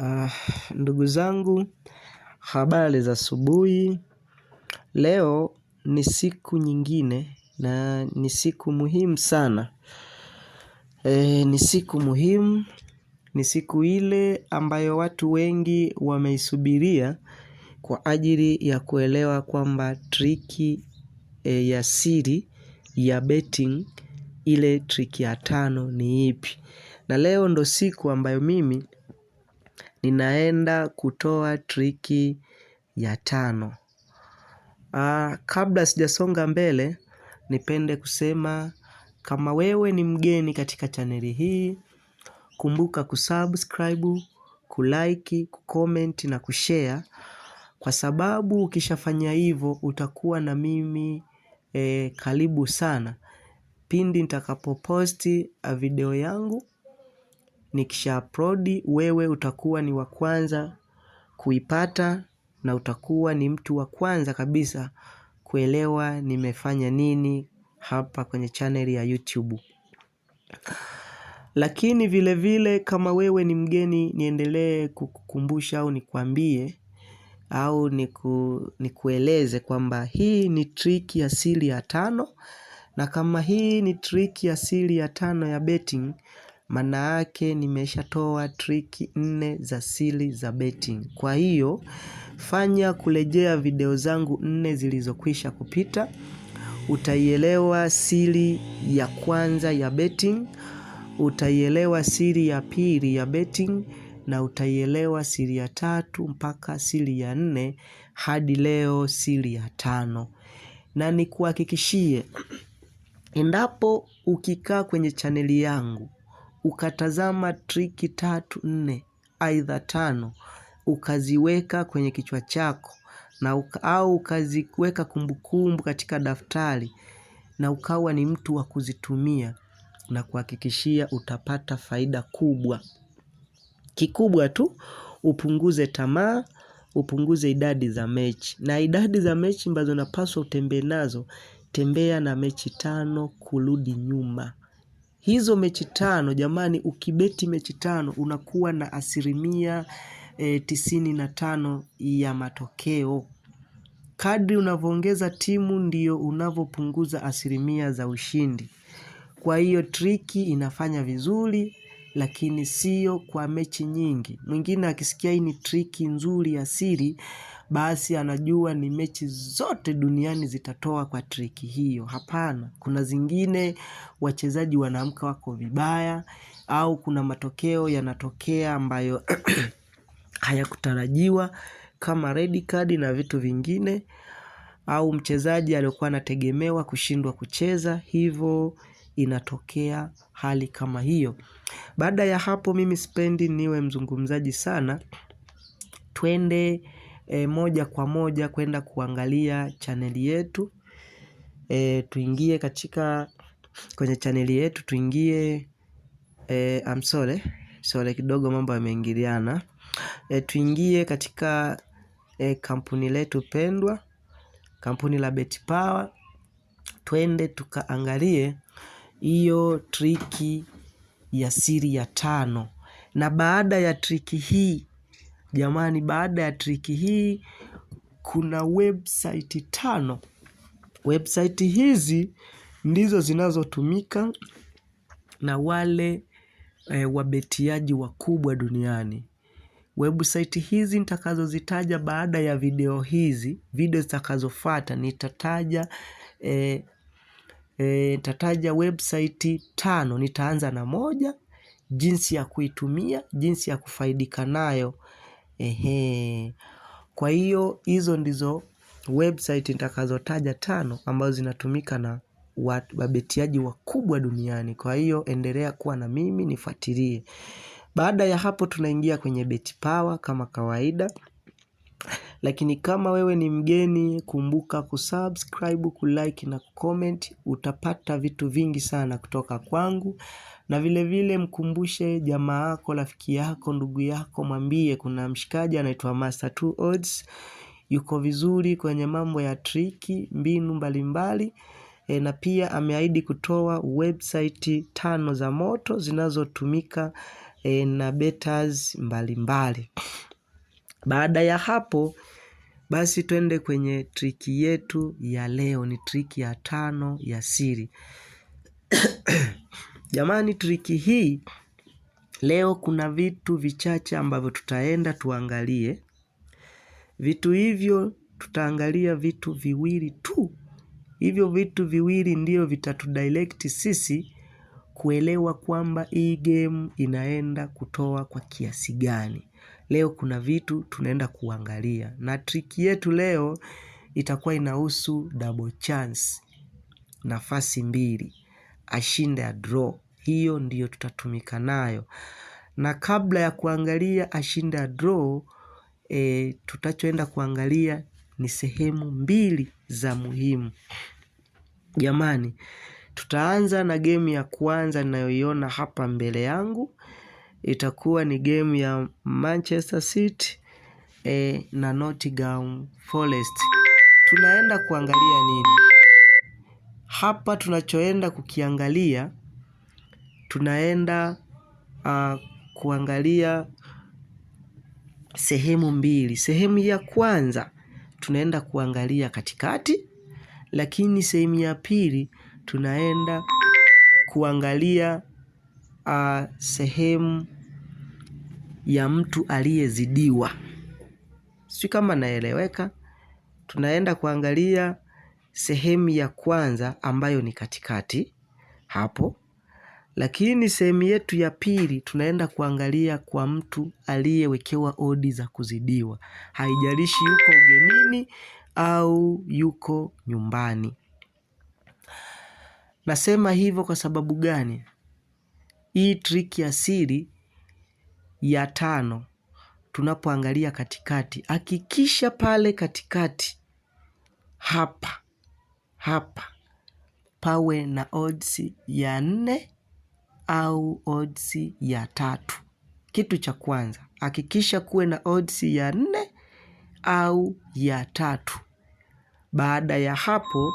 Ah, ndugu zangu, habari za asubuhi. Leo ni siku nyingine na ni siku muhimu sana. Eh, ni siku muhimu, ni siku ile ambayo watu wengi wameisubiria kwa ajili ya kuelewa kwamba triki eh, ya siri ya betting ile triki ya tano ni ipi. Na leo ndo siku ambayo mimi inaenda kutoa triki ya tano. Ah, kabla sijasonga mbele, nipende kusema kama wewe ni mgeni katika chaneli hii, kumbuka kusubscribe, kulike, kucomment na kushare. Kwa sababu ukishafanya hivo utakuwa na mimi eh, karibu sana. Pindi nitakapoposti video yangu Nikisha upload wewe utakuwa ni wa kwanza kuipata na utakuwa ni mtu wa kwanza kabisa kuelewa nimefanya nini hapa kwenye channel ya YouTube. Lakini vile vile kama wewe ni mgeni niendelee kukukumbusha au nikuambie au nikueleze kwamba hii ni triki ya siri ya tano na kama hii ni triki ya siri ya tano ya betting maana yake nimeshatoa triki nne za siri za betting. Kwa hiyo, fanya kurejea video zangu nne zilizokwisha kupita. Utaielewa siri ya kwanza ya betting. Utaielewa siri ya pili ya betting na utaielewa siri ya tatu mpaka siri ya nne hadi leo siri ya tano. Na nikuhakikishie, endapo ukikaa kwenye chaneli yangu ukatazama triki tatu nne aidha tano ukaziweka kwenye kichwa chako na uka, au ukaziweka kumbukumbu katika daftari na ukawa ni mtu wa kuzitumia na kuhakikishia utapata faida kubwa. Kikubwa tu upunguze tamaa, upunguze idadi za mechi. Na idadi za mechi ambazo unapaswa utembee nazo, tembea na mechi tano kurudi nyuma hizo mechi tano jamani, ukibeti mechi tano unakuwa na asilimia e, tisini na tano ya matokeo. Kadri unavyoongeza timu ndio unavyopunguza asilimia za ushindi. Kwa hiyo triki inafanya vizuri, lakini sio kwa mechi nyingi. Mwingine akisikia hii ni triki nzuri ya siri basi anajua ni mechi zote duniani zitatoa kwa triki hiyo. Hapana, kuna zingine wachezaji wanaamka wako vibaya au kuna matokeo yanatokea ambayo hayakutarajiwa kama red card na vitu vingine au mchezaji aliyokuwa anategemewa kushindwa kucheza, hivyo inatokea hali kama hiyo. Baada ya hapo mimi sipendi niwe mzungumzaji sana. Twende e, moja kwa moja kwenda kuangalia chaneli yetu e, tuingie katika kwenye chaneli yetu tuingie e, amsole sole kidogo mambo yameingiliana e, eh, tuingie katika e, kampuni letu pendwa kampuni la Power twende tukaangalie hiyo triki ya siri ya tano na baada ya triki hii Jamani baada ya triki hii kuna website tano. Website hizi ndizo zinazotumika na wale e, wabetiaji wakubwa duniani. Website hizi nitakazozitaja baada ya video hizi, video zitakazofuata nitataja e, e, nitataja website tano. Nitaanza na moja, jinsi ya kuitumia, jinsi ya kufaidika nayo. Ehe. Kwa hiyo hizo ndizo website nitakazotaja tano ambazo zinatumika na wabetiaji wakubwa duniani. Kwa hiyo endelea kuwa na mimi nifuatilie. Baada ya hapo tunaingia kwenye beti pawa kama kawaida. Lakini kama wewe ni mgeni kumbuka kusubscribe, kulike na kucomment. Utapata vitu vingi sana kutoka kwangu na vile vile mkumbushe jamaa yako, rafiki yako, ndugu yako mwambie kuna mshikaji anaitwa Master 2 Odds. Yuko vizuri kwenye mambo ya triki, mbinu mbalimbali e, na pia ameahidi kutoa website tano za moto zinazotumika e, na betas mbalimbali. Baada ya hapo basi twende kwenye triki yetu ya leo, ni triki ya tano ya siri. Jamani, triki hii leo kuna vitu vichache ambavyo tutaenda tuangalie. Vitu hivyo tutaangalia vitu viwili tu. Hivyo vitu viwili ndio vitatudirect sisi kuelewa kwamba hii game inaenda kutoa kwa kiasi gani leo kuna vitu tunaenda kuangalia na triki yetu leo itakuwa inahusu double chance, nafasi mbili, ashinde draw Hiyo ndiyo tutatumika nayo, na kabla ya kuangalia ashinde draw e, tutachoenda kuangalia ni sehemu mbili za muhimu. Jamani, tutaanza na gemu ya kwanza ninayoiona hapa mbele yangu itakuwa ni game ya Manchester City e, na Nottingham Forest. Tunaenda kuangalia nini hapa? Tunachoenda kukiangalia tunaenda uh, kuangalia sehemu mbili. Sehemu ya kwanza tunaenda kuangalia katikati, lakini sehemu ya pili tunaenda kuangalia uh, sehemu ya mtu aliyezidiwa. Sijui kama naeleweka. Tunaenda kuangalia sehemu ya kwanza ambayo ni katikati hapo, lakini sehemu yetu ya pili tunaenda kuangalia kwa mtu aliyewekewa odi za kuzidiwa, haijalishi yuko ugenini au yuko nyumbani. Nasema hivyo kwa sababu gani? Hii trick ya siri ya tano, tunapoangalia katikati, hakikisha pale katikati hapa hapa pawe na odds ya nne au odds ya tatu. Kitu cha kwanza hakikisha kuwe na odds ya nne au ya tatu. Baada ya hapo,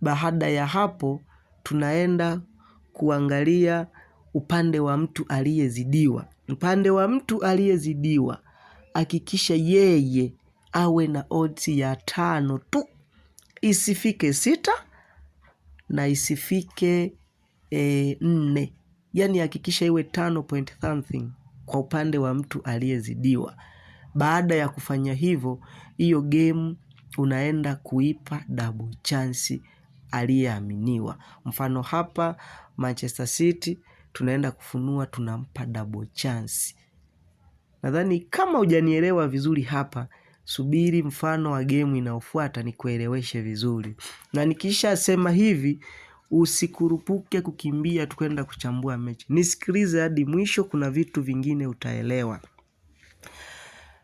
baada ya hapo tunaenda kuangalia upande wa mtu aliyezidiwa. Upande wa mtu aliyezidiwa, hakikisha yeye awe na odds ya tano tu, isifike sita na isifike e, nne. yani hakikisha iwe tano point something kwa upande wa mtu aliyezidiwa. Baada ya kufanya hivyo, hiyo game unaenda kuipa double chance aliyeaminiwa. Mfano hapa Manchester City tunaenda kufunua, tunampa double chance. Nadhani kama hujanielewa vizuri hapa, subiri mfano wa gemu inayofuata nikueleweshe vizuri, na nikisha sema hivi usikurupuke kukimbia tukwenda kuchambua mechi, nisikilize hadi mwisho, kuna vitu vingine utaelewa.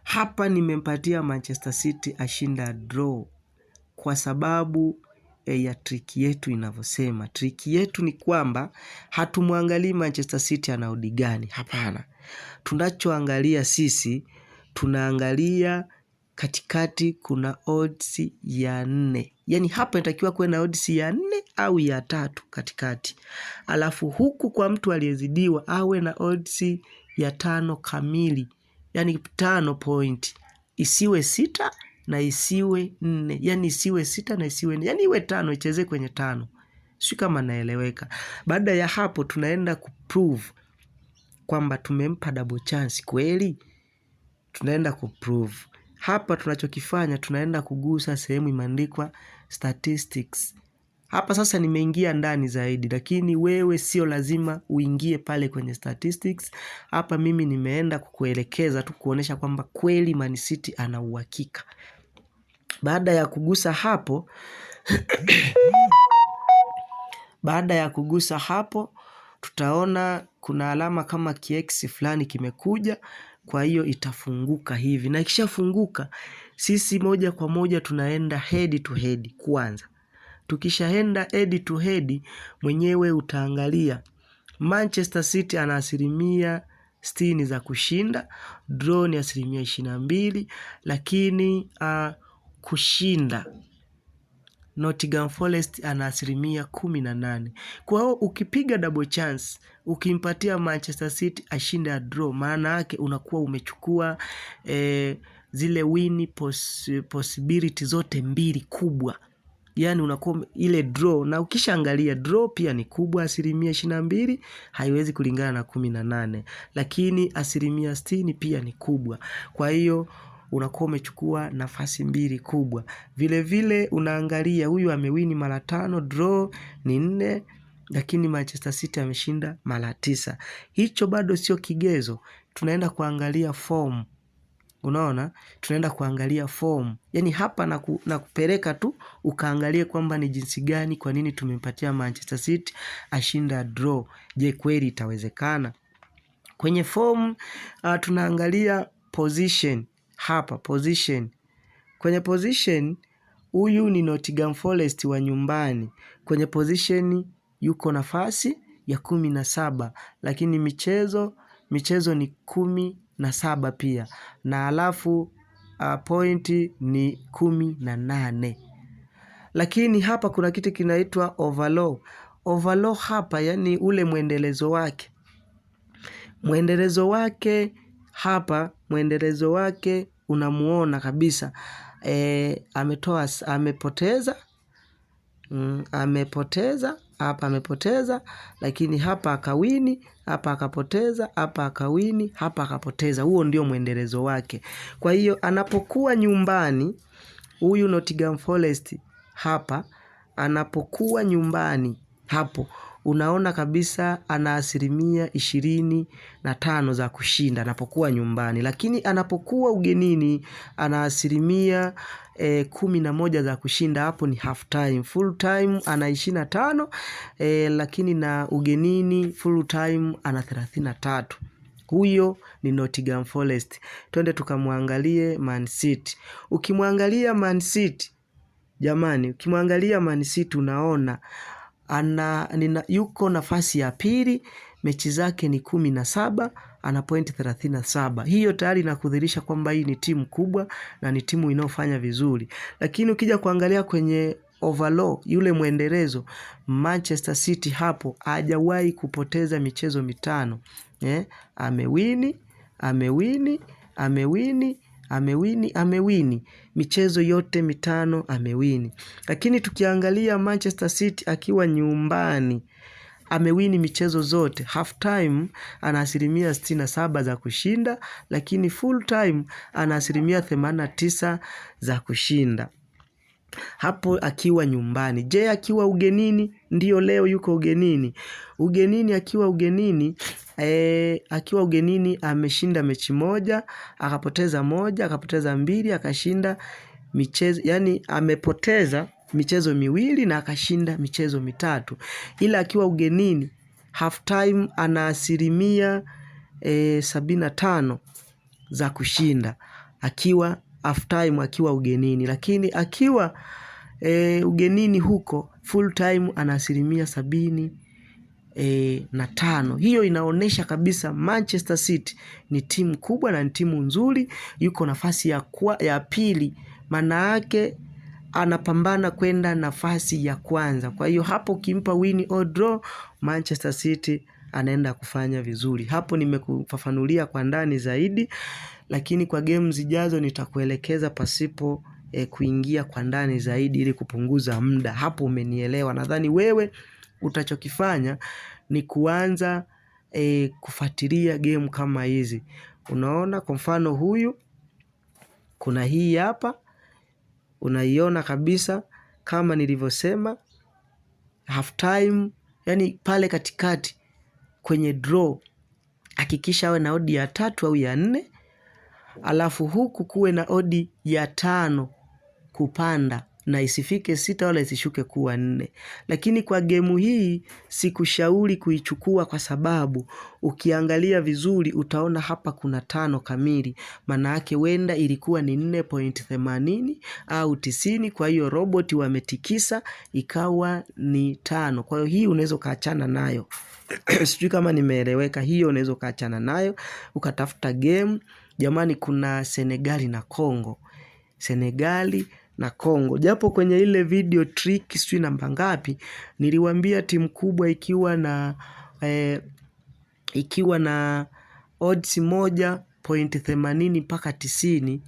Hapa nimempatia Manchester City ashinda draw kwa sababu Eh, ya triki yetu inavyosema. Triki yetu ni kwamba hatumwangalii Manchester City ana udi gani, hapana. Tunachoangalia sisi tunaangalia katikati kuna odds ya nne, yaani hapa inatakiwa kuwe na odds ya nne au ya tatu katikati, alafu huku kwa mtu aliyezidiwa awe na odds ya tano kamili, yaani tano point, isiwe sita na isiwe nne, yani isiwe sita na isiwe nne, yani iwe tano, ichezee kwenye tano. Si kama naeleweka. Baada ya hapo tunaenda kuprove kwamba tumempa double chance kweli. Tunaenda kuprove. Hapa tunachokifanya tunaenda kugusa sehemu imeandikwa statistics. Hapa sasa nimeingia ndani zaidi, lakini wewe sio lazima uingie pale kwenye statistics. Hapa mimi nimeenda kukuelekeza tu kuonesha kwamba kweli Man City ana uhakika. Baada ya kugusa hapo baada ya kugusa hapo, tutaona kuna alama kama kieksi fulani kimekuja, kwa hiyo itafunguka hivi, na ikishafunguka sisi moja kwa moja tunaenda head to head kwanza. Tukishaenda head to head, mwenyewe utaangalia Manchester City ana asilimia sitini za kushinda, draw ni asilimia ishirini na mbili, lakini uh, kushinda. Nottingham Forest ana asilimia kumi na nane. Kwa hiyo ukipiga double chance ukimpatia Manchester City ashinde a draw, maana yake unakuwa umechukua eh, zile win poss possibility zote mbili kubwa, yaani unakuwa ile draw, na ukishaangalia draw pia ni kubwa, asilimia ishirini na mbili haiwezi kulingana na kumi na nane, lakini asilimia sitini pia ni kubwa, kwa hiyo unakuwa umechukua nafasi mbili kubwa. Vile vile unaangalia huyu amewini mara tano, draw ni nne, lakini Manchester City ameshinda mara tisa. Hicho bado sio kigezo. Tunaenda kuangalia form. Unaona? Tunaenda kuangalia form. Yani hapa na, kupeleka tu ukaangalie kwamba ni jinsi gani kwa nini tumempatia Manchester City ashinda draw. Je, kweli itawezekana? Kwenye form ah, tunaangalia position hapa position. Kwenye position huyu ni Nottingham Forest wa nyumbani. Kwenye position yuko nafasi ya kumi na saba, lakini michezo michezo ni kumi na saba pia na alafu uh, ah, pointi ni kumi na nane, lakini hapa kuna kitu kinaitwa overlaw. Overlaw hapa yani ule mwendelezo wake mwendelezo wake hapa mwendelezo wake unamuona kabisa e, ametoa amepoteza mm, amepoteza hapa amepoteza, lakini hapa akawini, hapa akapoteza, hapa akawini, hapa akapoteza. Huo ndio mwendelezo wake. Kwa hiyo anapokuwa nyumbani huyu Nottingham Forest hapa, anapokuwa nyumbani hapo unaona kabisa ana asilimia ishirini na tano za kushinda anapokuwa nyumbani, lakini anapokuwa ugenini ana asilimia e, kumi na moja za kushinda. Hapo ni half time. Full time ana ishirini na tano e, lakini na ugenini full time ana thelathini na tatu. Huyo ni Nottingham Forest. Twende tukamwangalie Man City. Ukimwangalia Man City, jamani, ukimwangalia Man City unaona ana nina, yuko nafasi ya pili, mechi zake ni kumi na saba, ana pointi thelathini na saba. Hiyo tayari inakudhirisha kwamba hii ni timu kubwa na ni timu inayofanya vizuri, lakini ukija kuangalia kwenye overall yule mwendelezo Manchester City hapo hajawahi kupoteza michezo mitano eh, amewini amewini amewini amewini amewini michezo yote mitano amewini. Lakini tukiangalia Manchester City akiwa nyumbani amewini michezo zote. Half time ana asilimia sitini na saba za kushinda lakini full time ana asilimia themanini na tisa za kushinda. Hapo akiwa nyumbani. Je, akiwa ugenini? Ndiyo leo yuko ugenini. Ugenini akiwa ugenini E, akiwa ugenini ameshinda mechi moja, akapoteza moja, akapoteza mbili, akashinda michezo, yani amepoteza michezo miwili na akashinda michezo mitatu. Ila akiwa ugenini halftime ana asilimia e, sabini na tano za kushinda akiwa halftime akiwa ugenini, lakini akiwa e, ugenini huko full time ana asilimia sabini e, na tano. Hiyo inaonyesha kabisa Manchester City ni timu kubwa na ni timu nzuri, yuko nafasi ya, kwa, ya pili, maana yake anapambana kwenda nafasi ya kwanza. Kwa hiyo hapo ukimpa win or draw, Manchester City anaenda kufanya vizuri. Hapo nimekufafanulia kwa ndani zaidi, lakini kwa game zijazo nitakuelekeza pasipo e, kuingia kwa ndani zaidi ili kupunguza muda. Hapo umenielewa, nadhani wewe utachokifanya ni kuanza e, kufuatilia game kama hizi. Unaona kwa mfano huyu kuna hii hapa unaiona kabisa kama nilivyosema half time, yani pale katikati kwenye draw hakikisha awe na odi ya tatu au ya nne, alafu huku kuwe na odi ya tano kupanda na isifike sita wala isishuke kuwa nne. Lakini kwa gemu hii sikushauri kuichukua kwa sababu ukiangalia vizuri utaona hapa kuna tano kamili, maana yake wenda ilikuwa ni nne point themanini au tisini. Kwa hiyo roboti wametikisa ikawa ni tano. Kwa hiyo hii unaweza ukaachana nayo sijui kama nimeeleweka. Hiyo unaweza ukaachana nayo ukatafuta gemu. Jamani, kuna Senegali na Kongo. Senegali na Kongo. Japo kwenye ile video trick sijui namba ngapi niliwaambia timu kubwa ikiwa na eh, ikiwa na odds moja pointi themanini mpaka tisini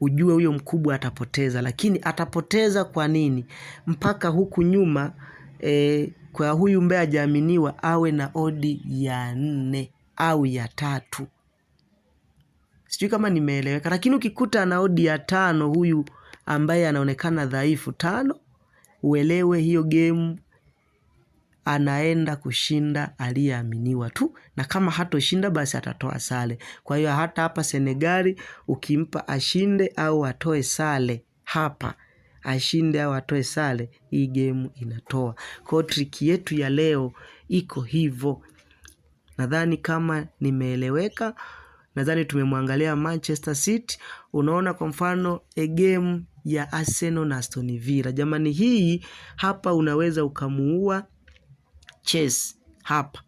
ujue huyo mkubwa atapoteza, lakini atapoteza kwa nini? Mpaka huku nyuma eh, kwa huyu mbaye hajaaminiwa awe na odi ya nne au ya tatu. Sijui kama nimeeleweka, lakini ukikuta ana odi ya tano huyu ambaye anaonekana dhaifu. Tano, uelewe hiyo game anaenda kushinda aliyeaminiwa tu, na kama hatoshinda basi atatoa sare. Kwa hiyo hata hapa Senegali ukimpa ashinde au atoe sare hapa ashinde au atoe sare, hii gemu inatoa. kwao. triki yetu ya leo iko hivyo. Nadhani kama nimeeleweka, nadhani tumemwangalia Manchester City. Unaona kwa mfano a game ya Arsenal na Aston Villa. Jamani, hii hapa unaweza ukamuua Chelsea hapa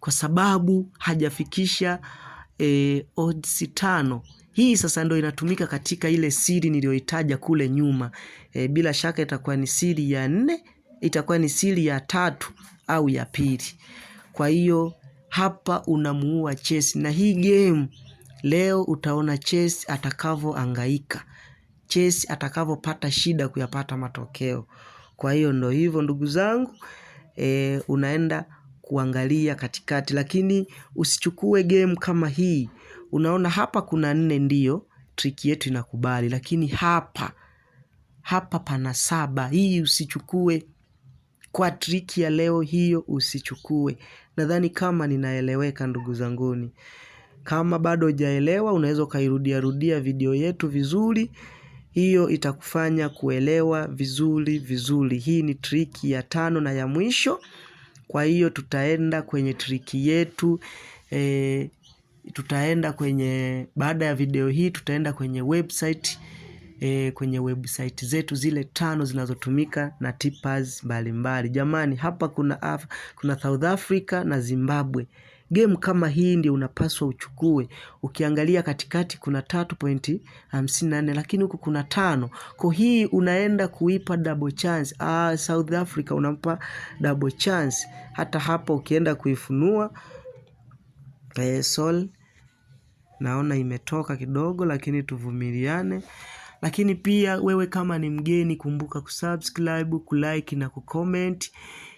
kwa sababu hajafikisha eh, odds tano. Hii sasa ndio inatumika katika ile siri niliyoitaja kule nyuma. Eh, bila shaka itakuwa ni siri ya nne, itakuwa ni siri ya tatu au ya pili. Kwa hiyo hapa unamuua Chelsea na hii game leo utaona Chelsea atakavyoangaika. Chelsea atakavyopata shida kuyapata matokeo. Kwa hiyo ndo hivyo ndugu zangu e, unaenda kuangalia katikati, lakini usichukue game kama hii. Unaona hapa kuna nne, ndiyo triki yetu inakubali, lakini hapa hapa pana saba. Hii usichukue kwa triki ya leo hiyo, usichukue. Nadhani kama ninaeleweka ndugu zanguni. Kama bado hujaelewa, unaweza ukairudiarudia video yetu vizuri. Hiyo itakufanya kuelewa vizuri vizuri. Hii ni triki ya tano na ya mwisho. Kwa hiyo tutaenda kwenye triki yetu. Eh, tutaenda kwenye baada ya video hii tutaenda kwenye website eh, kwenye website zetu zile tano zinazotumika na tippers mbalimbali. Jamani hapa kuna South Africa na Zimbabwe. Game kama hii ndio unapaswa uchukue. Ukiangalia katikati kuna tatu pointi hamsini na nne lakini huku kuna tano. Kwa hii unaenda kuipa double chance. Ah, South Africa unampa double chance. Hata hapa ukienda kuifunua eh, Sol naona imetoka kidogo lakini tuvumiliane. Lakini pia wewe kama ni mgeni kumbuka kusubscribe, kulike na kucomment.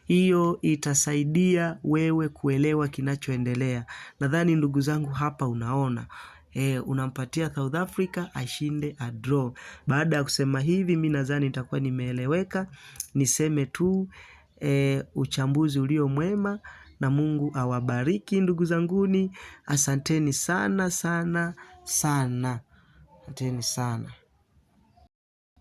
Hiyo itasaidia wewe kuelewa kinachoendelea. Nadhani ndugu zangu hapa unaona. E, unampatia South Africa ashinde a draw. Baada ya kusema hivi mi nadhani nitakuwa nimeeleweka. Niseme tu e, uchambuzi ulio mwema na Mungu awabariki ndugu zanguni. Asanteni sana sana sana. Asanteni sana.